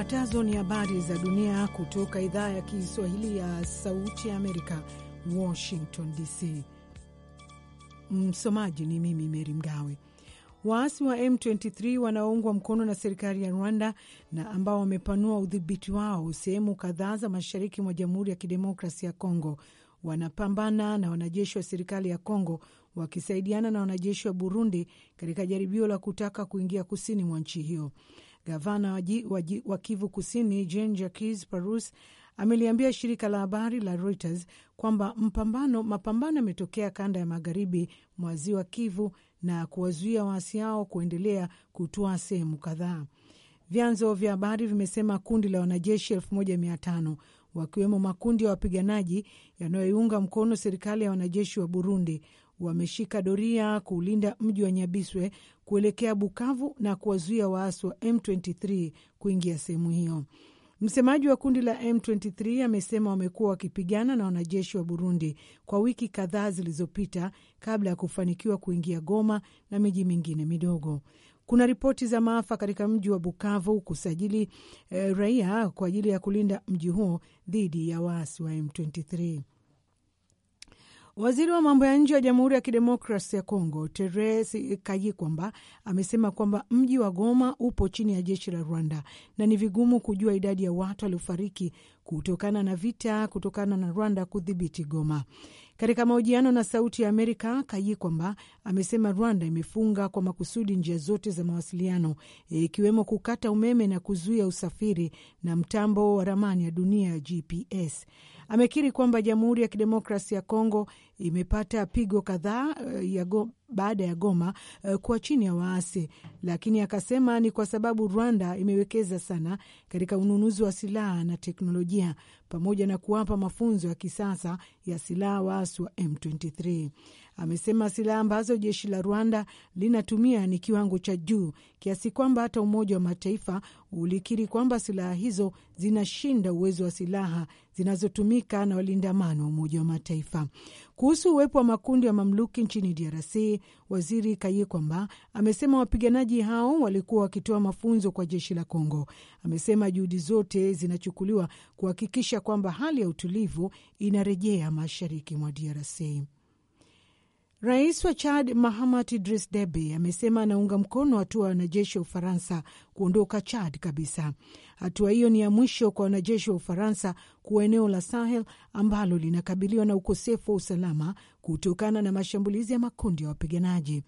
Zifuatazo ni habari za dunia kutoka idhaa ya Kiswahili ya Sauti ya Amerika, Washington DC. Msomaji ni mimi Meri Mgawe. Waasi wa M23 wanaoungwa mkono na serikali ya Rwanda na ambao wamepanua udhibiti wao sehemu kadhaa za mashariki mwa Jamhuri ya Kidemokrasia ya Kongo wanapambana na wanajeshi wa serikali ya Kongo wakisaidiana na wanajeshi wa Burundi katika jaribio la kutaka kuingia kusini mwa nchi hiyo. Gavana wa Kivu Kusini Jean Jacques Parus ameliambia shirika la habari la Reuters kwamba mpambano mapambano yametokea kanda ya magharibi mwa ziwa Kivu na kuwazuia waasi hao kuendelea kutoa sehemu kadhaa. Vyanzo vya habari vimesema kundi la wanajeshi elfu moja mia tano wakiwemo makundi ya wapiganaji yanayoiunga mkono serikali ya wanajeshi wa Burundi wameshika doria kuulinda mji wa Nyabiswe kuelekea Bukavu na kuwazuia waasi wa M23 kuingia sehemu hiyo. Msemaji wa kundi la M23 amesema wamekuwa wakipigana na wanajeshi wa Burundi kwa wiki kadhaa zilizopita kabla ya kufanikiwa kuingia Goma na miji mingine midogo. Kuna ripoti za maafa katika mji wa Bukavu kusajili eh, raia kwa ajili ya kulinda mji huo dhidi ya waasi wa M23. Waziri wa mambo ya nje wa Jamhuri ya Kidemokrasi ya Kongo teres Kayikwamba amesema kwamba mji wa Goma upo chini ya jeshi la Rwanda na ni vigumu kujua idadi ya watu waliofariki kutokana na vita kutokana na Rwanda kudhibiti Goma. Katika mahojiano na Sauti ya Amerika, Kayikwamba amesema Rwanda imefunga kwa makusudi njia zote za mawasiliano ikiwemo kukata umeme na kuzuia usafiri na mtambo wa ramani ya dunia ya GPS amekiri kwamba Jamhuri ya Kidemokrasi ya Kongo imepata pigo kadhaa eh, baada ya Goma uh, kuwa chini ya waasi, lakini akasema ni kwa sababu Rwanda imewekeza sana katika ununuzi wa silaha na teknolojia pamoja na kuwapa mafunzo ya kisasa ya silaha waasi wa M23 amesema silaha ambazo jeshi la Rwanda linatumia ni kiwango cha juu kiasi kwamba hata Umoja wa Mataifa ulikiri kwamba silaha hizo zinashinda uwezo wa silaha zinazotumika na walinda amani wa Umoja wa Mataifa. Kuhusu uwepo wa makundi ya mamluki nchini DRC, waziri kaye kwamba amesema wapiganaji hao walikuwa wakitoa mafunzo kwa jeshi la Kongo. Amesema juhudi zote zinachukuliwa kuhakikisha kwamba hali ya utulivu inarejea mashariki mwa DRC. Rais wa Chad Mahamat Idris debi amesema anaunga mkono hatua ya wanajeshi wa Ufaransa kuondoka Chad kabisa. Hatua hiyo ni ya mwisho kwa wanajeshi wa Ufaransa kuwa eneo la Sahel ambalo linakabiliwa na ukosefu wa usalama kutokana na mashambulizi ya makundi ya wapiganaji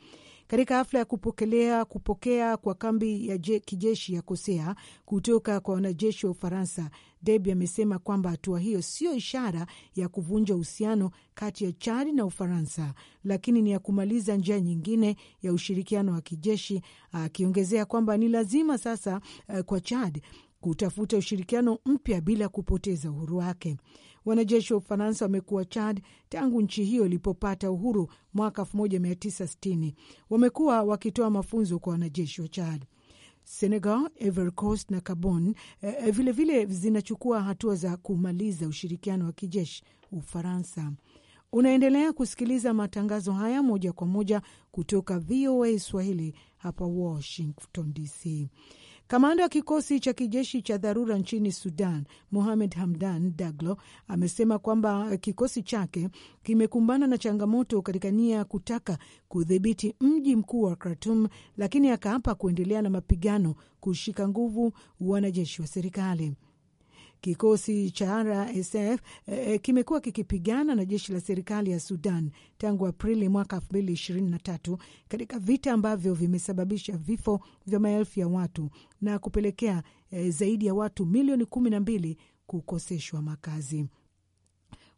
katika hafla ya kupokelea kupokea kwa kambi ya je, kijeshi ya Kosea kutoka kwa wanajeshi wa Ufaransa, Deby amesema kwamba hatua hiyo siyo ishara ya kuvunja uhusiano kati ya Chad na Ufaransa, lakini ni ya kumaliza njia nyingine ya ushirikiano wa kijeshi, akiongezea kwamba ni lazima sasa eh, kwa Chad kutafuta ushirikiano mpya bila kupoteza uhuru wake. Wanajeshi wa Ufaransa wamekuwa Chad tangu nchi hiyo ilipopata uhuru mwaka 1960. Wamekuwa wakitoa mafunzo kwa wanajeshi wa Chad. Senegal, Ivory Coast na Gabon eh, vilevile eh, zinachukua hatua za kumaliza ushirikiano wa kijeshi Ufaransa. Unaendelea kusikiliza matangazo haya moja kwa moja kutoka VOA Swahili hapa Washington DC. Kamanda wa kikosi cha kijeshi cha dharura nchini Sudan, Mohamed Hamdan Daglo, amesema kwamba kikosi chake kimekumbana na changamoto katika nia ya kutaka kudhibiti mji mkuu wa Khartum, lakini akaapa kuendelea na mapigano kushika nguvu wanajeshi wa serikali. Kikosi cha RSF eh, eh, kimekuwa kikipigana na jeshi la serikali ya Sudan tangu Aprili mwaka 2023 katika vita ambavyo vimesababisha vifo vya maelfu ya watu na kupelekea eh, zaidi ya watu milioni kumi na mbili kukoseshwa makazi.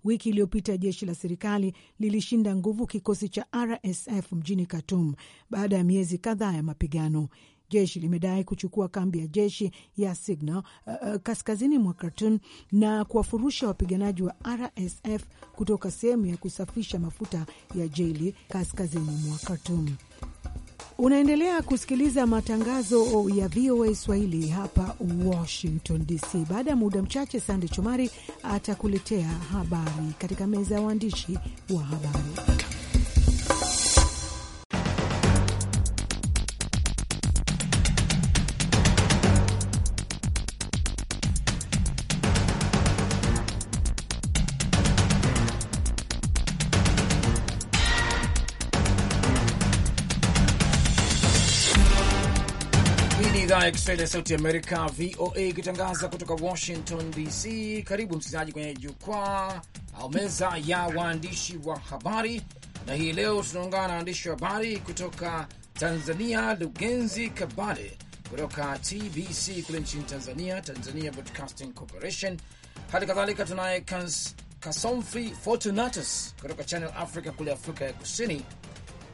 Wiki iliyopita jeshi la serikali lilishinda nguvu kikosi cha RSF mjini Khartoum baada ya miezi kadhaa ya mapigano. Jeshi limedai kuchukua kambi ya jeshi ya Signal uh, uh kaskazini mwa Khartoum na kuwafurusha wapiganaji wa RSF kutoka sehemu ya kusafisha mafuta ya Jeli kaskazini mwa Khartoum. Unaendelea kusikiliza matangazo ya VOA Swahili hapa Washington DC. Baada ya muda mchache, Sande Chomari atakuletea habari katika meza ya waandishi wa habari. idhaa ya Kiswahili ya Sauti Amerika, VOA, ikitangaza kutoka Washington DC. Karibu msikilizaji kwenye jukwaa au meza ya waandishi wa habari, na hii leo tunaungana na waandishi wa habari kutoka Tanzania, Lugenzi Kabale kutoka TBC kule nchini Tanzania, Tanzania Broadcasting Corporation. Hali kadhalika tunaye Kasomfi Fortunatus kutoka Channel Africa kule Afrika ya Kusini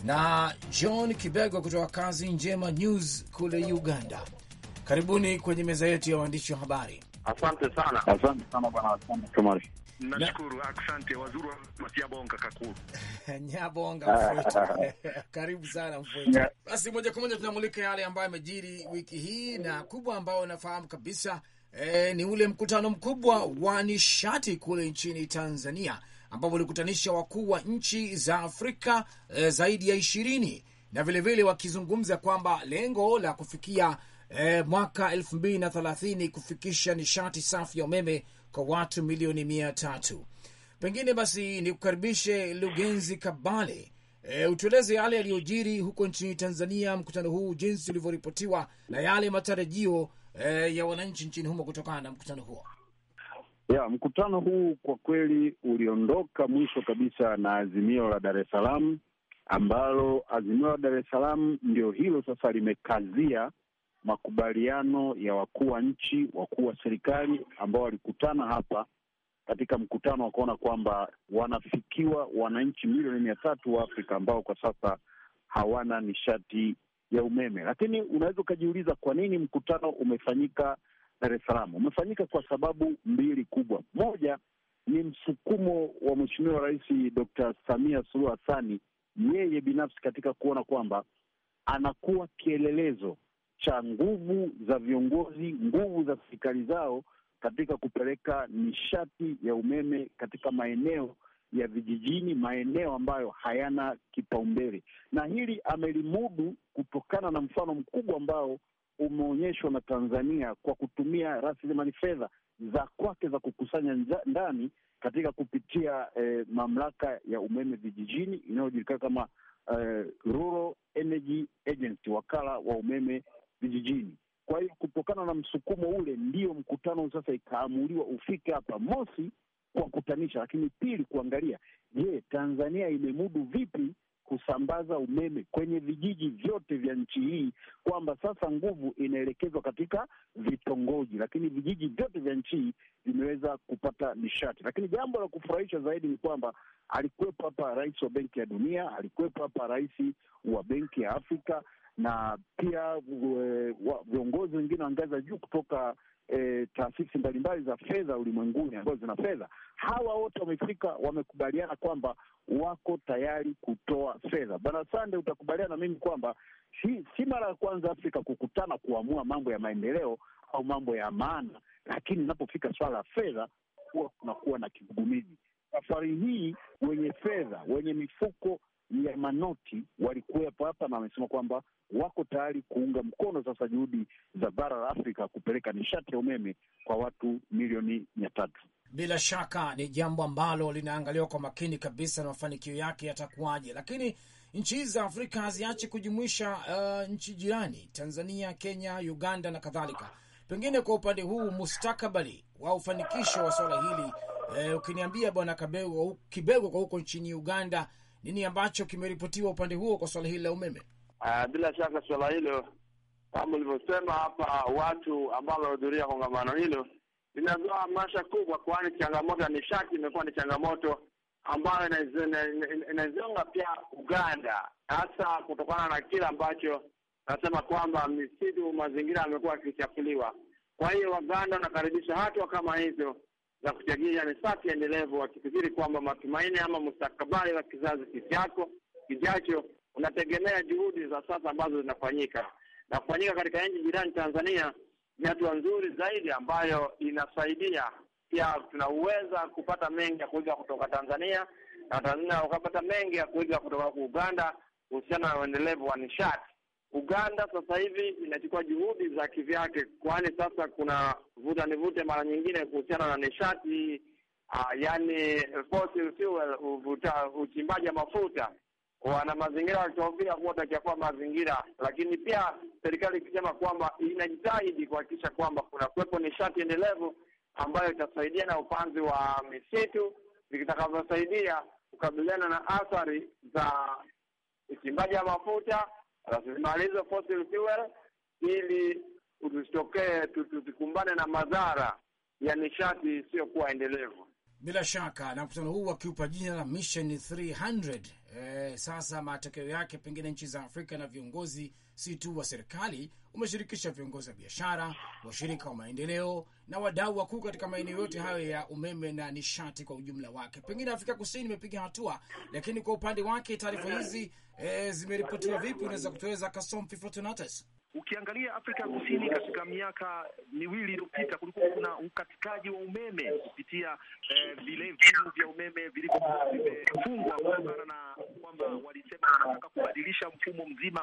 na John Kibego kutoka Kazi Njema News kule Uganda. Karibuni kwenye meza yetu ya waandishi wa habari. Asante sana, asante sana bwana Kamari. Nashukuru, asante wazuri wa Nyabonga kakuru. Nyabonga mfwetu. Karibu sana mfwetu. Basi moja kwa moja tunamulika yale ambayo yamejiri wiki hii na kubwa ambayo nafahamu kabisa eh, ni ule mkutano mkubwa wa nishati kule nchini Tanzania ambapo walikutanisha wakuu wa nchi za Afrika e, zaidi ya ishirini na vilevile vile wakizungumza kwamba lengo la kufikia e, mwaka elfu mbili na thelathini kufikisha nishati safi ya umeme kwa watu milioni mia tatu. Pengine basi ni kukaribishe Lugenzi Kabale. E, utueleze yale yaliyojiri huko nchini Tanzania, mkutano huu jinsi ulivyoripotiwa na yale matarajio e, ya wananchi nchini humo kutokana na mkutano huo. Ya mkutano huu kwa kweli uliondoka mwisho kabisa na azimio la Dar es Salaam, ambalo azimio la Dar es Salaam ndio hilo sasa limekazia makubaliano ya wakuu wa nchi, wakuu wa serikali ambao walikutana hapa katika mkutano, wakaona kwamba wanafikiwa wananchi milioni mia tatu wa Afrika ambao kwa sasa hawana nishati ya umeme. Lakini unaweza ukajiuliza kwa nini mkutano umefanyika Dar es Salaam umefanyika kwa sababu mbili kubwa. Moja ni msukumo wa Mheshimiwa Rais Dr. Samia Suluhu Hassani yeye binafsi katika kuona kwamba anakuwa kielelezo cha nguvu za viongozi, nguvu za serikali zao katika kupeleka nishati ya umeme katika maeneo ya vijijini, maeneo ambayo hayana kipaumbele, na hili amelimudu kutokana na mfano mkubwa ambao umeonyeshwa na Tanzania kwa kutumia rasilimali fedha za kwake za kukusanya ndani katika kupitia eh, mamlaka ya umeme vijijini inayojulikana kama eh, Rural Energy Agency, wakala wa umeme vijijini. Kwa hiyo kutokana na msukumo ule, ndiyo mkutano sasa ikaamuliwa ufike hapa Mosi, kutanisha lakini pili kuangalia, je, Tanzania imemudu vipi kusambaza umeme kwenye vijiji vyote vya nchi hii, kwamba sasa nguvu inaelekezwa katika vitongoji, lakini vijiji vyote vya nchi hii vimeweza kupata nishati. Lakini jambo la kufurahisha zaidi ni kwamba alikuwepo hapa rais wa Benki ya Dunia, alikuwepo hapa rais wa Benki ya Afrika na pia eh, viongozi wengine wa ngazi za juu kutoka e, taasisi mbalimbali za fedha ulimwenguni ambazo zina fedha, hawa wote wamefika, wamekubaliana kwamba wako tayari kutoa fedha. Bwana Sande, utakubaliana na mimi kwamba si, si mara ya kwanza Afrika kukutana kuamua mambo ya maendeleo au mambo ya maana, lakini inapofika swala la fedha huwa kunakuwa na kigugumizi. Safari hii wenye fedha, wenye mifuko ya manoti walikuwepo hapa na wamesema kwamba wako tayari kuunga mkono sasa juhudi za bara la Afrika kupeleka nishati ya umeme kwa watu milioni mia tatu. Bila shaka ni jambo ambalo linaangaliwa kwa makini kabisa na mafanikio yake yatakuwaje, lakini nchi hizi za Afrika haziache kujumuisha uh, nchi jirani Tanzania, Kenya, Uganda na kadhalika. Pengine kwa upande huu mustakabali wa ufanikisho wa swala hili eh, ukiniambia Bwana Kibego kwa huko nchini Uganda, nini ambacho kimeripotiwa upande huo kwa swala hili la umeme? Uh, bila shaka suala hilo kama ulivyosema hapa, watu ambao wamehudhuria kongamano hilo linazoa hamasa kubwa, kwani changamoto ya nishati imekuwa ni changamoto ambayo inaizonga pia Uganda, hasa kutokana na kile ambacho nasema kwamba misitu, mazingira yamekuwa yakichafuliwa. Kwa hiyo Waganda wanakaribisha hatua kama hizo za kuchagisha nishati endelevu, wakifikiri kwamba matumaini ama mustakabali wa kizazi kijacho unategemea juhudi za sasa ambazo zinafanyika na kufanyika katika nchi jirani Tanzania. Ni hatua nzuri zaidi ambayo inasaidia pia, tunaweza kupata mengi ya kuiga kutoka Tanzania na Tanzania ukapata mengi ya kuiga kutoka kwa Uganda kuhusiana na uendelevu wa nishati. Uganda sasa hivi inachukua juhudi za kivyake, kwani sasa kuna vuta nivute mara nyingine kuhusiana na nishati uh, yani fossil fuel, uchimbaji wa mafuta wana mazingira walituambia kuwa watachafua mazingira, lakini pia serikali ikisema kwamba inajitahidi kuhakikisha kwamba kuna kuwepo nishati endelevu ambayo itasaidia na upanzi wa misitu vitakavyosaidia kukabiliana na athari za uchimbaji wa mafuta, rasilimali hizo fossil fuel, ili tusitokee tusikumbane na madhara ya nishati isiyokuwa endelevu. Bila shaka na mkutano huu wakiupa jina la Mission 300 eh, sasa matokeo yake pengine nchi za Afrika na viongozi si tu wa serikali, umeshirikisha viongozi wa biashara, washirika wa maendeleo na wadau wakuu katika maeneo yote hayo ya umeme na nishati kwa ujumla wake. Pengine Afrika Kusini imepiga hatua, lakini kwa upande wake taarifa hizi eh, zimeripotiwa vipi? Unaweza kutueleza Kassom Fifortunatus? Ukiangalia Afrika ya Kusini katika miaka miwili iliyopita, kulikuwa kuna ukatikaji wa umeme kupitia eh, vile eh, vinu vya umeme vilivyokuwa vimefungwa kutokana na amesema anataka kubadilisha mfumo mzima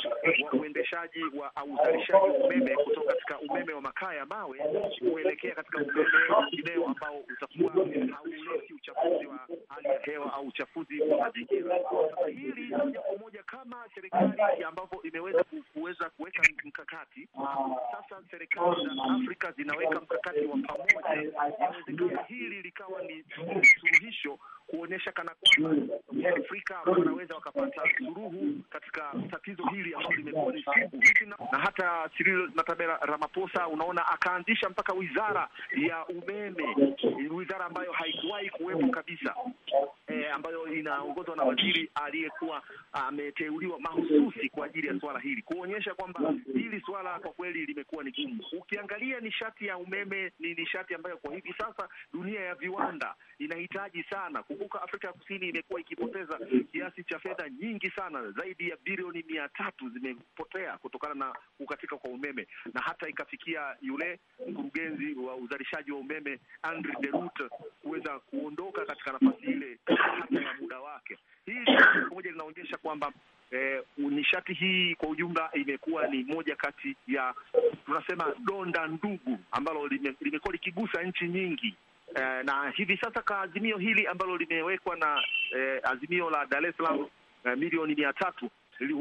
wa uendeshaji wa uzalishaji wa umeme kutoka katika umeme wa makaa ya mawe kuelekea katika umeme wengineo ambao utakuwa hauleti uchafuzi wa hali ya hewa au uchafuzi wa mazingira. Sasa hili moja kwa moja kama serikali ambapo imeweza kuweza kuweka mkakati sasa, serikali za Afrika zinaweka mkakati wa pamoja, inawezekana hili likawa ni suluhisho kuonyesha kana kwamba Afrika wanaweza wakapata suluhu katika tatizo hili ambalo limekuwa ni na hata Cyril Natabera Ramaphosa unaona akaanzisha mpaka wizara ya umeme, wizara ambayo haikuwahi kuwepo kabisa, e, ambayo inaongozwa na waziri aliyekuwa ameteuliwa mahususi kwa ajili ya swala hili, kuonyesha kwamba hili swala kwa kweli limekuwa ni gumu. Ukiangalia nishati ya umeme ni nishati ambayo kwa hivi sasa dunia ya viwanda inahitaji sana ku Kumbuka Afrika ya Kusini imekuwa ikipoteza kiasi cha fedha nyingi sana, zaidi ya bilioni mia tatu zimepotea kutokana na kukatika kwa umeme, na hata ikafikia yule mkurugenzi wa uzalishaji wa umeme Andre Derut kuweza kuondoka katika nafasi ile hata muda wake. Hii pamoja linaonyesha kwamba Eh, nishati hii kwa ujumla imekuwa ni moja kati ya tunasema donda ndugu ambalo limekuwa likigusa nchi nyingi Eh, na hivi sasa kwa azimio hili ambalo limewekwa na eh, azimio la Dar es Salaam eh, milioni mia tatu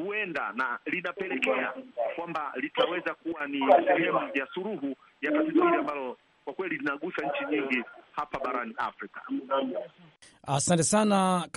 huenda na linapelekea kwamba litaweza kuwa ni sehemu ya suluhu ya tatizo hili ambalo kwa kweli linagusa nchi nyingi hapa barani Afrika. Asante sana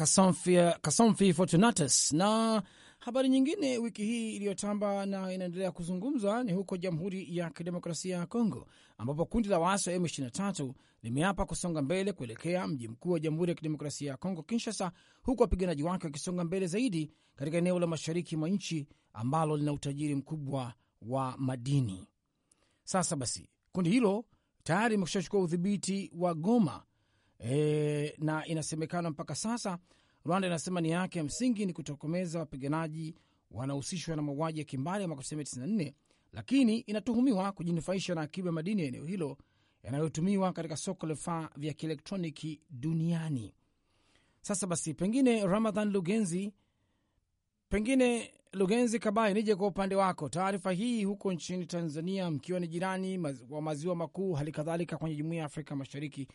Kasomfi Fortunatus na Habari nyingine wiki hii iliyotamba na inaendelea kuzungumzwa ni huko Jamhuri ya Kidemokrasia ya Kongo, ambapo kundi la waasi wa M23 limeapa kusonga mbele kuelekea mji mkuu wa Jamhuri ya Kidemokrasia ya Kongo, Kinshasa, huku wapiganaji wake wakisonga mbele zaidi katika eneo la mashariki mwa nchi ambalo lina utajiri mkubwa wa madini. Sasa basi, kundi hilo tayari limekushachukua udhibiti wa Goma e, na inasemekana mpaka sasa Rwanda inasema nia yake ya msingi ni kutokomeza wapiganaji wanahusishwa na mauaji ya kimbali ya mwaka 1994 lakini inatuhumiwa kujinufaisha na akiba madini ya eneo hilo yanayotumiwa katika soko la vifaa vya kielektroniki duniani. Sasa basi, pengine Ramadhan Lugenzi, pengine Lugenzi Kabaye, nije kwa upande wako. Taarifa hii huko nchini Tanzania, mkiwa ni jirani wa maziwa makuu, hali kadhalika kwenye jumuiya ya Afrika Mashariki,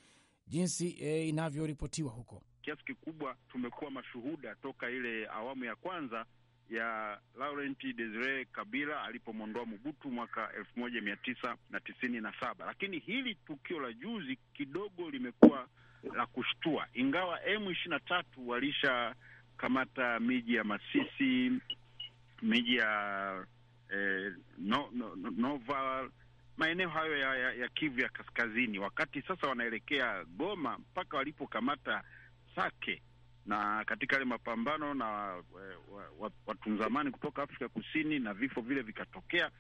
jinsi eh, inavyoripotiwa huko kiasi kikubwa tumekuwa mashuhuda toka ile awamu ya kwanza ya Laurent Desire Kabila alipomwondoa Mobutu mwaka elfu moja mia tisa na tisini na saba. Lakini hili tukio la juzi kidogo limekuwa la kushtua, ingawa M ishirini na tatu walishakamata miji ya Masisi, miji ya eh, no, no, no, Nova, maeneo hayo ya, ya, ya Kivu ya kaskazini, wakati sasa wanaelekea Goma mpaka walipokamata Sake na katika yale mapambano na eh, watunzamani kutoka Afrika Kusini na vifo vile vikatokea,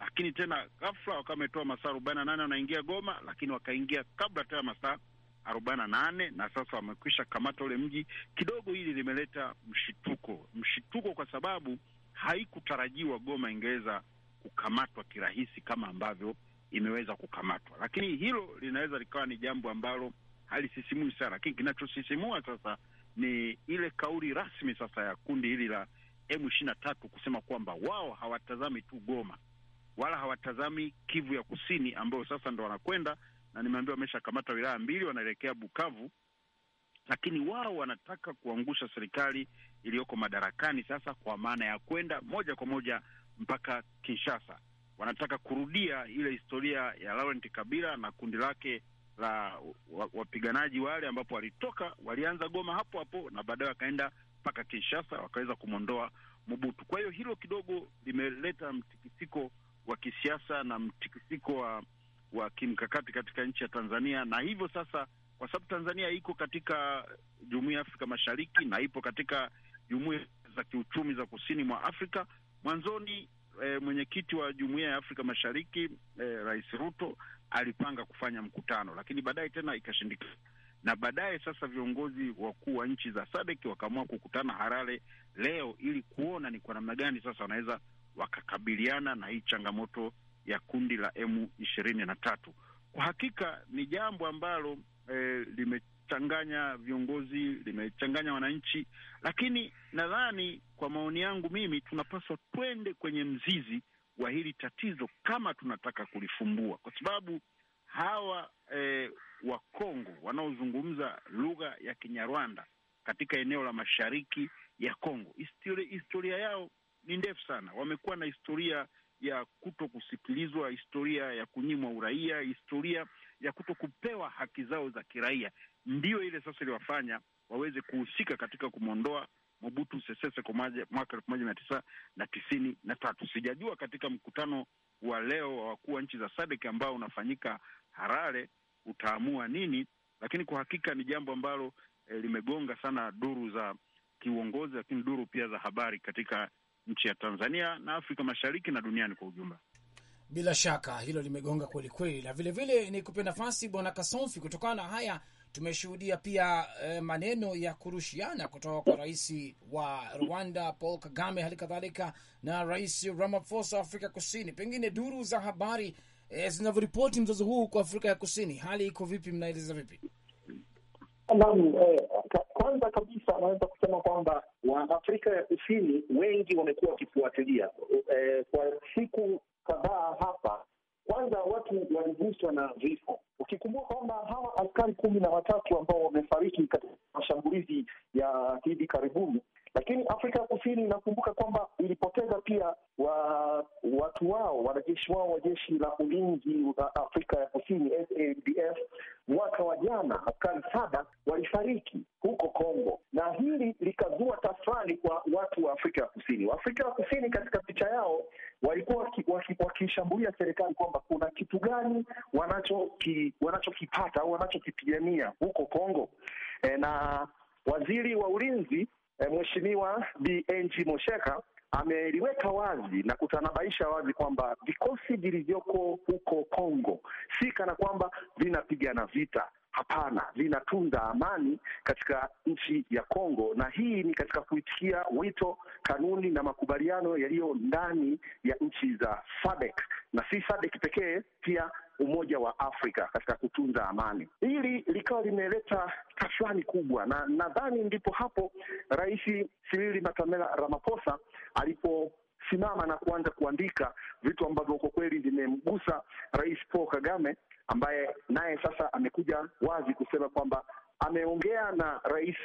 lakini tena ghafla wakawa wametoa masaa arobaini na nane wanaingia Goma, lakini wakaingia kabla tena masaa arobaini na nane na sasa wamekwisha kamata ule mji. Kidogo hili limeleta mshituko, mshituko kwa sababu haikutarajiwa Goma ingeweza kukamatwa kirahisi kama ambavyo imeweza kukamatwa, lakini hilo linaweza likawa ni jambo ambalo halisisimui sana, lakini kinachosisimua sasa ni ile kauli rasmi sasa ya kundi hili la M ishirini na tatu kusema kwamba wao hawatazami tu Goma wala hawatazami Kivu ya Kusini ambayo sasa ndo wanakwenda na nimeambiwa wameshakamata wilaya mbili, wanaelekea Bukavu, lakini wao wanataka kuangusha serikali iliyoko madarakani sasa, kwa maana ya kwenda moja kwa moja mpaka Kinshasa. Wanataka kurudia ile historia ya Laurent Kabila na kundi lake la wapiganaji wale, ambapo walitoka walianza Goma hapo hapo na baadaye wakaenda mpaka Kinshasa wakaweza kumwondoa mubutu Kwa hiyo hilo kidogo limeleta mtikisiko wa kisiasa na mtikisiko wa, wa kimkakati katika nchi ya Tanzania, na hivyo sasa, kwa sababu Tanzania iko katika jumuia ya Afrika Mashariki na ipo katika jumuia za kiuchumi za kusini mwa Afrika, mwanzoni E, mwenyekiti wa jumuia ya Afrika Mashariki e, Rais Ruto alipanga kufanya mkutano, lakini baadaye tena ikashindikana, na baadaye sasa viongozi wakuu wa nchi za SADC wakaamua kukutana Harare leo ili kuona ni kwa namna gani sasa wanaweza wakakabiliana na hii changamoto ya kundi la M ishirini na tatu. Kwa hakika ni jambo ambalo eh, limechanganya viongozi, limechanganya wananchi, lakini nadhani kwa maoni yangu mimi tunapaswa twende kwenye mzizi wa hili tatizo kama tunataka kulifumbua, kwa sababu hawa eh, Wakongo wanaozungumza lugha ya Kinyarwanda katika eneo la mashariki ya Kongo, historia, historia yao ni ndefu sana. Wamekuwa na historia ya kuto kusikilizwa, historia ya kunyimwa uraia, historia ya kuto kupewa haki zao za kiraia. Ndiyo ile sasa iliwafanya waweze kuhusika katika kumwondoa Mobutu Sese Seko mwaka elfu moja mia tisa na tisini na tatu. Sijajua katika mkutano wa leo wa wakuu wa nchi za SADC ambao unafanyika Harare utaamua nini, lakini kwa hakika ni jambo ambalo eh, limegonga sana duru za kiuongozi, lakini duru pia za habari katika nchi ya Tanzania na Afrika Mashariki na duniani kwa ujumla. Bila shaka hilo limegonga kweli kweli, na vilevile ni kupe nafasi Bwana Kasomfi, kutokana na haya tumeshuhudia pia e, maneno ya kurushiana kutoka kwa rais wa Rwanda Paul Kagame, hali kadhalika na rais Ramaphosa wa Afrika Kusini. Pengine duru za habari e, zinavyoripoti mzozo huu kwa Afrika ya Kusini, hali iko vipi? Mnaeleza vipi? Naam, eh, kwanza kabisa anaweza kusema kwamba Waafrika ya Kusini wengi wamekuwa wakifuatilia eh, kwa siku kadhaa hapa kwanza watu waliguswa na vifo, ukikumbuka kwamba hawa askari kumi na watatu ambao wamefariki katika mashambulizi ya hivi karibuni. Lakini Afrika ya Kusini inakumbuka kwamba ilipoteza pia wa, watu wao wanajeshi wao wa jeshi la ulinzi la Afrika ya Kusini sabf mwaka wa jana, askari saba walifariki huko Kongo, na hili likazua tafrani kwa watu wa Afrika ya Kusini. Waafrika ya Kusini katika picha yao walikuwa wakishambulia serikali kwamba kuna kitu gani wanachoki, wanachokipata au wanachokipigania huko Kongo e, na waziri wa ulinzi e, Mheshimiwa BNG Mosheka ameliweka wazi na kutanabaisha wazi kwamba vikosi vilivyoko huko Kongo si kana kwamba vinapigana vita, Hapana, linatunza amani katika nchi ya Kongo, na hii ni katika kuitikia wito, kanuni na makubaliano yaliyo ndani ya nchi za SADC na si SADC pekee, pia Umoja wa Afrika katika kutunza amani. Hili likawa limeleta tafrani kubwa, na nadhani ndipo hapo Rais Cyril Matamela Ramaphosa alipo simama na kuanza kuandika vitu ambavyo kwa kweli vimemgusa Rais Paul Kagame ambaye naye sasa amekuja wazi kusema kwamba ameongea na Rais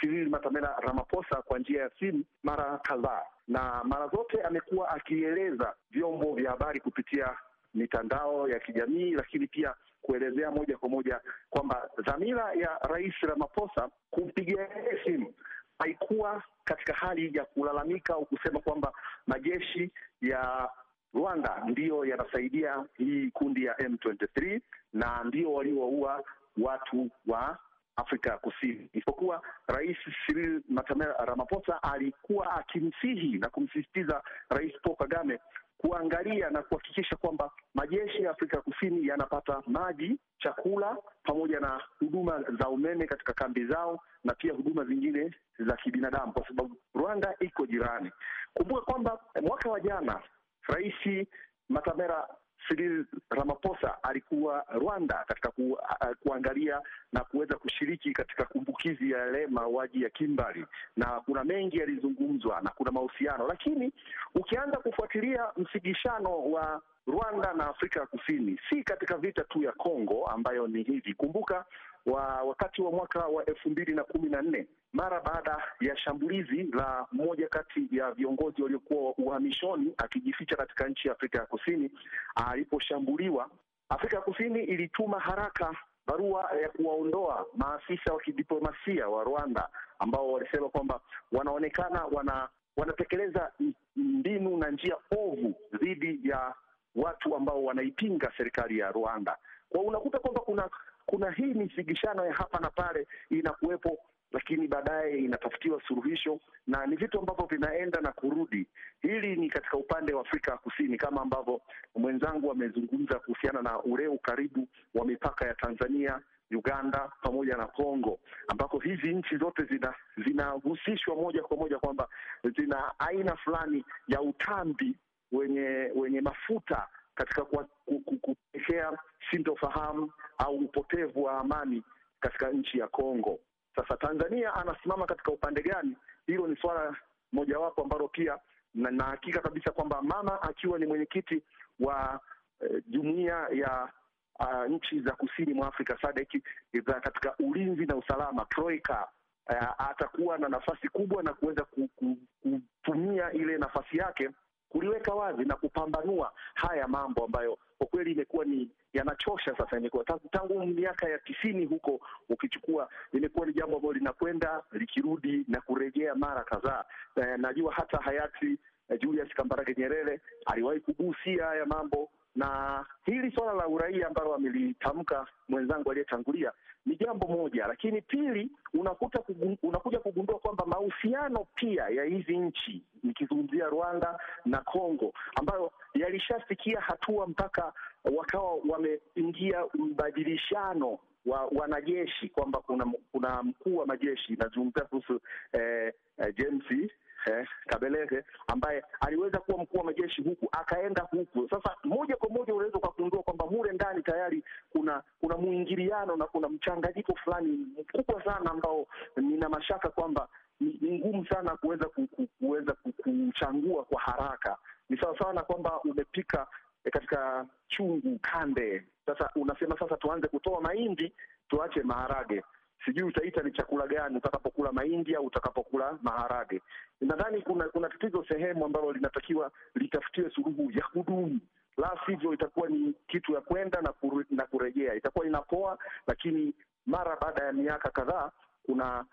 Cyril Matamela Ramaphosa kwa njia ya simu mara kadhaa, na mara zote amekuwa akieleza vyombo vya habari kupitia mitandao ya kijamii, lakini pia kuelezea moja kwa moja kwamba dhamira ya Rais Ramaphosa kumpigia yeye simu haikuwa katika hali ya kulalamika au kusema kwamba majeshi ya Rwanda ndiyo yanasaidia hii kundi ya M23 na ndio waliowaua watu wa Afrika ya Kusini, isipokuwa Rais Cyril Ramaphosa alikuwa akimsihi na kumsisitiza Rais Paul Kagame kuangalia na kuhakikisha kwamba majeshi ya Afrika ya Kusini yanapata maji, chakula pamoja na huduma za umeme katika kambi zao na pia huduma zingine za kibinadamu, kwa sababu Rwanda iko jirani. Kumbuka kwamba mwaka wa jana raisi Matamera siril ramaposa alikuwa Rwanda katika ku, a, kuangalia na kuweza kushiriki katika kumbukizi ya yale mauaji ya kimbali na kuna mengi yalizungumzwa na kuna mahusiano, lakini ukianza kufuatilia msigishano wa Rwanda na Afrika ya Kusini si katika vita tu ya Kongo ambayo ni hivi, kumbuka wa wakati wa mwaka wa elfu mbili na kumi na nne mara baada ya shambulizi la mmoja kati ya viongozi waliokuwa uhamishoni akijificha katika nchi ya Afrika ya Kusini aliposhambuliwa. Afrika ya Kusini ilituma haraka barua ya kuwaondoa maafisa wa kidiplomasia wa Rwanda ambao walisema kwamba wanaonekana wana wanatekeleza mbinu na njia ovu dhidi ya watu ambao wanaipinga serikali ya Rwanda. Kwa unakuta kwamba kuna kuna hii misigishano ya hapa na pale inakuwepo lakini baadaye inatafutiwa suluhisho na ni vitu ambavyo vinaenda na kurudi. Hili ni katika upande wa Afrika Kusini, kama ambavyo mwenzangu amezungumza kuhusiana na ule ukaribu wa mipaka ya Tanzania, Uganda pamoja na Kongo, ambako hizi nchi zote zina zinahusishwa moja kwa moja kwamba zina aina fulani ya utambi wenye wenye mafuta katika kupelekea sintofahamu au upotevu wa amani katika nchi ya Kongo. Sasa Tanzania anasimama katika upande gani? Hilo ni swala mojawapo ambalo pia na hakika kabisa kwamba mama akiwa ni mwenyekiti wa eh, jumuiya ya uh, nchi za kusini mwa Afrika SADC za katika ulinzi na usalama Troika, uh, atakuwa na nafasi kubwa na kuweza kutumia ile nafasi yake kuliweka wazi na kupambanua haya mambo ambayo kwa kweli imekuwa ni yanachosha. Sasa imekuwa tangu miaka ya tisini huko ukichukua, imekuwa ni jambo ambalo linakwenda likirudi na kurejea mara kadhaa. E, najua hata hayati eh, Julius Kambarage Nyerere aliwahi kugusia haya mambo na hili swala la uraia ambalo amelitamka mwenzangu aliyetangulia ni jambo moja, lakini pili, unakuta kugun, unakuja kugundua kwamba mahusiano pia ya hizi nchi, nikizungumzia Rwanda na Kongo, ambayo yalishafikia hatua mpaka wakawa wameingia mbadilishano wa wanajeshi kwamba kuna kuna mkuu wa majeshi, nazungumzia kuhusu eh, James eh, eh, ambaye aliweza kuwa mkuu wa majeshi huku akaenda huku. Sasa moja kwa moja unaweza ukagundua kwamba mule ndani tayari kuna kuna mwingiliano na kuna mchanganyiko fulani mkubwa sana ambao nina mashaka kwamba ni ngumu sana kuweza kuweza kuchangua kwa haraka. Ni sawa sawa na kwamba umepika eh, katika chungu kande. Sasa unasema sasa tuanze kutoa mahindi tuache maharage sijui utaita ni chakula gani utakapokula mahindi au utakapokula maharage. Nadhani kuna kuna tatizo sehemu ambalo linatakiwa litafutiwe suluhu ya kudumu, la sivyo itakuwa ni kitu ya kwenda na, kure, na kurejea. Itakuwa inapoa, lakini mara baada ya miaka kadhaa kuna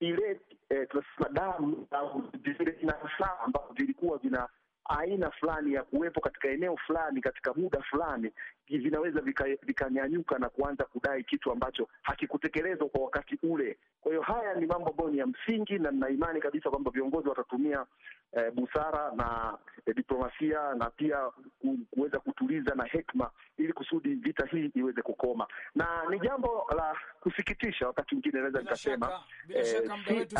ile eh, tunasema damu au zile inasaa ambazo zilikuwa vina aina fulani ya kuwepo katika eneo fulani katika muda fulani vinaweza vikanyanyuka vika na kuanza kudai kitu ambacho hakikutekelezwa kwa wakati ule kwa hiyo haya ni mambo ambayo ni ya msingi, na nina imani kabisa kwamba viongozi watatumia e, busara na e, diplomasia na pia kuweza kutuliza na hekima, ili kusudi vita hii iweze kukoma, na ni jambo la kusikitisha. Wakati mwingine naweza nikasema, eh, wetu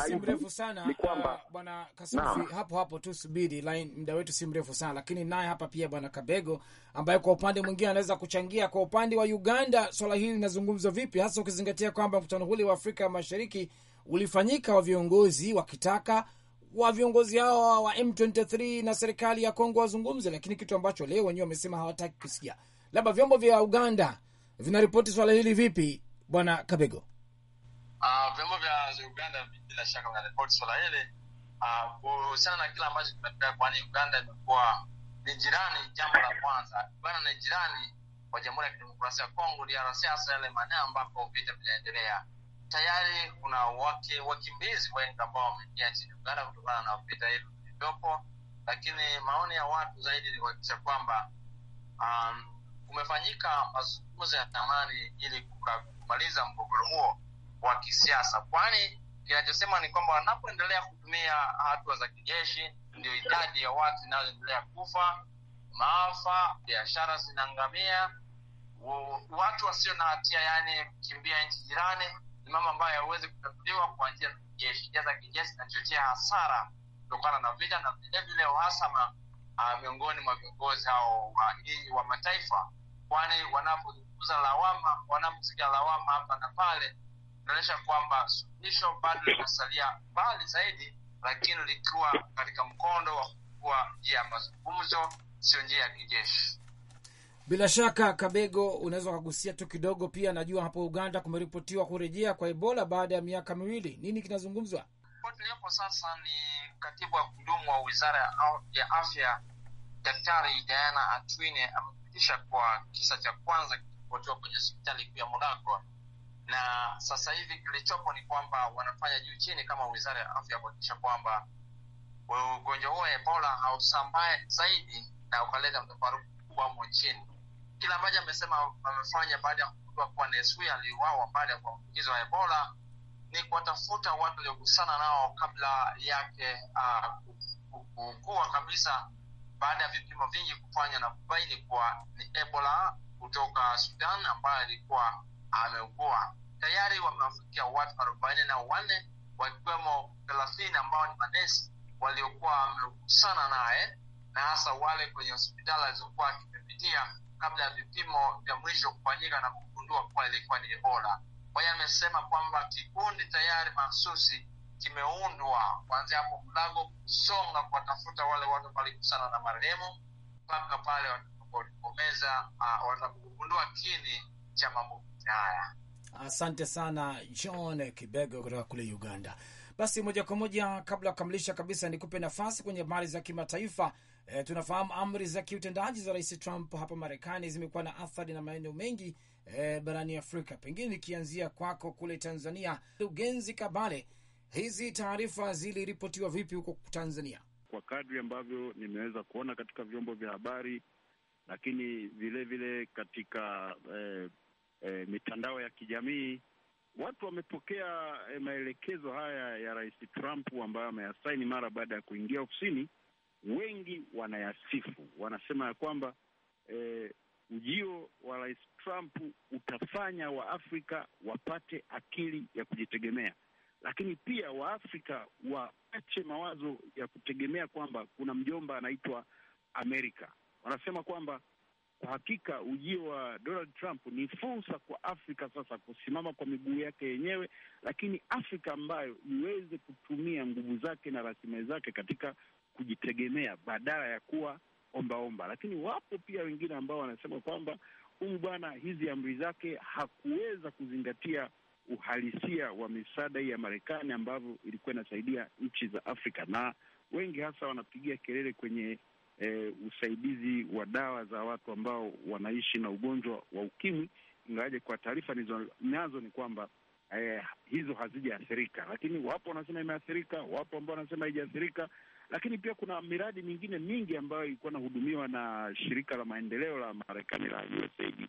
ni kwamba ah, bwana Kasufi, hapo hapo tu subiri line, muda wetu si mrefu sana lakini naye hapa pia bwana Kabego ambaye kwa upande mwingine anaweza kuchangia. Kwa upande wa Uganda, swala hili linazungumzwa vipi, hasa ukizingatia kwamba mkutano hule wa Afrika Mashariki Mashariki ulifanyika wa viongozi wakitaka wa viongozi hawa wa M23 na serikali ya Kongo wazungumze, lakini kitu ambacho leo wenyewe wamesema hawataki kusikia. Labda vyombo vya Uganda vinaripoti swala hili vipi, bwana Kabego? Uh, vyombo vya Uganda bila shaka vinaripoti swala hili ah, kuhusiana na kile ambacho kimetokea, kwani Uganda imekuwa ni jirani. Jambo la kwanza, Uganda ni jirani wa Jamhuri ya Kidemokrasia ya Kongo, DRC, hasa yale maeneo ambapo vita vinaendelea tayari kuna wake, wakimbizi wengi ambao wameingia nchini Uganda kutokana na vita hivi vilivyopo, lakini maoni ya watu zaidi ni kuhakikisha kwamba um, kumefanyika mazungumzo ya amani ili kumaliza mgogoro huo wa kisiasa, kwani kinachosema ni kwamba wanapoendelea kutumia hatua za kijeshi ndio idadi ya watu inayoendelea kufa, maafa, biashara zinaangamia, watu wasio na hatia yani kukimbia nchi jirani mama ambayo hawezi kutatuliwa kwa njia za kijeshi. Njia za kijeshi zinachochea hasara kutokana na vita na vilevile uhasama uh, miongoni mwa viongozi hao uh, wa mataifa, kwani wanapozungumza lawama, wanaposikia lawama hapa na pale, inaonyesha kwamba suluhisho bado linasalia mbali zaidi, lakini likiwa katika mkondo wa kuwa njia ya mazungumzo, sio njia ya kijeshi. Bila shaka Kabego, unaweza ukagusia tu kidogo pia. Najua hapo Uganda kumeripotiwa kurejea kwa Ebola baada ya miaka miwili. Nini kinazungumzwa? Iliyopo sasa ni katibu wa kudumu wa wizara ya afya Daktari Diana Atwine amepitisha kwa kisa cha kwanza kilipotiwa kwenye hospitali kuu ya Monaco, na sasa hivi kilichopo ni kwamba wanafanya juu chini kama wizara ya afya kuakikisha kwamba ugonjwa huo wa Ebola hausambae zaidi na ukaleta mtafaruku kubwa mo chini kile ambacho amesema amefanya baada ya kugundua kuwa Nesui aliuawa baada ya kuambukizwa Ebola ni kuwatafuta watu waliogusana nao kabla yake uh, ah, kuugua kabisa, baada ya vipimo vingi kufanya na kubaini kuwa ni Ebola kutoka Sudan ambayo alikuwa ameugua. Tayari wamewafikia watu arobaini na wanne wakiwemo thelathini ambao ni manesi waliokuwa wamegusana naye na hasa wale kwenye hospitali alizokuwa akimepitia kabla ya vipimo vya mwisho kufanyika na kugundua kuwa ilikuwa ni Ebola. Kwa hiyo amesema kwamba kikundi tayari mahsusi kimeundwa kuanzia hapo Mlago kusonga kuwatafuta wale watu walikusana sana na marehemu mpaka pale watakapokomeza uh, ah, watakugundua kini cha maambukizi haya. Asante sana John Kibego kutoka kule Uganda. Basi moja kwa moja, kabla ya kukamilisha kabisa, nikupe nafasi kwenye habari za kimataifa. E, tunafahamu amri za kiutendaji za Rais Trump hapa Marekani zimekuwa na athari na maeneo mengi e, barani Afrika. Pengine nikianzia kwako kule Tanzania, Ugenzi Kabale, hizi taarifa ziliripotiwa vipi huko Tanzania? Kwa kadri ambavyo nimeweza kuona katika vyombo vya habari, lakini vilevile vile katika e, e, mitandao ya kijamii watu wamepokea e, maelekezo haya ya Rais Trump ambayo ameyasaini mara baada ya kuingia ofisini wengi wanayasifu, wanasema ya kwamba eh, ujio wa Rais Trump utafanya Waafrika wapate akili ya kujitegemea, lakini pia Waafrika waache mawazo ya kutegemea kwamba kuna mjomba anaitwa Amerika. Wanasema kwamba kwa hakika ujio wa Donald Trump ni fursa kwa Afrika sasa kusimama kwa miguu yake yenyewe, lakini Afrika ambayo iweze kutumia nguvu zake na rasilimali zake katika kujitegemea badala ya kuwa ombaomba. Lakini wapo pia wengine ambao wanasema kwamba huyu bwana, hizi amri zake hakuweza kuzingatia uhalisia wa misaada hii ya Marekani ambavyo ilikuwa inasaidia nchi za Afrika, na wengi hasa wanapigia kelele kwenye e, usaidizi wa dawa za watu ambao wanaishi na ugonjwa wa ukimwi, ingawaje kwa taarifa nazo ni kwamba e, hizo hazijaathirika, lakini wapo wanasema imeathirika, wapo ambao wanasema haijaathirika lakini pia kuna miradi mingine mingi ambayo ilikuwa inahudumiwa na shirika la maendeleo la Marekani la USAID.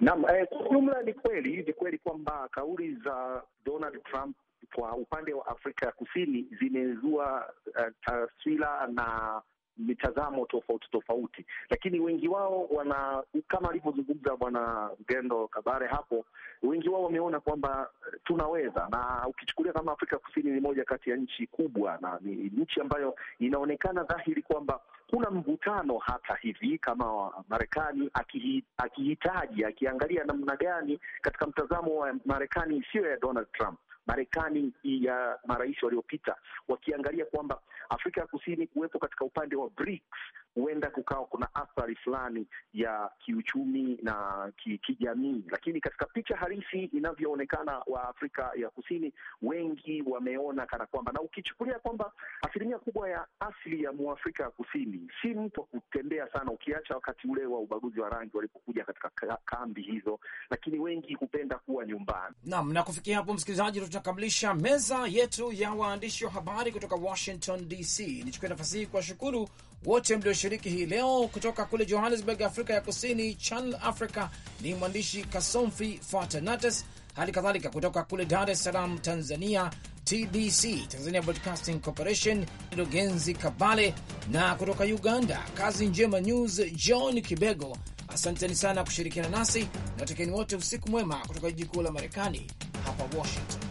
Naam, eh, kwa ujumla ni kweli, ni kweli kwamba kauli za Donald Trump kwa upande wa Afrika ya Kusini zimezua uh, taswira na mitazamo tofauti tofauti, lakini wengi wao wana kama alivyozungumza Bwana Gendo Kabare hapo, wengi wao wameona kwamba eh, tunaweza, na ukichukulia kama Afrika Kusini ni moja kati ya nchi kubwa na ni nchi ambayo inaonekana dhahiri kwamba kuna mvutano hata hivi kama Marekani akihitaji, akiangalia namna gani katika mtazamo wa Marekani isiyo ya Donald Trump Marekani ya marais waliopita, wakiangalia kwamba Afrika ya Kusini kuwepo katika upande wa BRICS huenda kukawa kuna athari fulani ya kiuchumi na ki, kijamii, lakini katika picha halisi inavyoonekana, wa Afrika ya Kusini wengi wameona kana kwamba, na ukichukulia kwamba asilimia kubwa ya asili ya Mwafrika ya Kusini si mtu wa kutembea sana, ukiacha wakati ule wa ubaguzi wa rangi walipokuja katika kambi hizo, lakini wengi hupenda kuwa nyumbani. Naam, na kufikia hapo, msikilizaji, tutakamilisha meza yetu ya waandishi wa habari kutoka Washington DC. Nichukue nafasi hii kuwashukuru wote mlioshiriki hii leo. Kutoka kule Johannesburg, Afrika ya Kusini, Channel Africa ni mwandishi Kasomfi Fortunatus, hali kadhalika kutoka kule Dar es Salaam, Tanzania, TBC, Tanzania Broadcasting Corporation, Lugenzi Kabale, na kutoka Uganda, Kazi Njema News, John Kibego. Asanteni sana kushirikiana nasi na tekeni wote, usiku mwema kutoka jiji kuu la Marekani hapa Washington.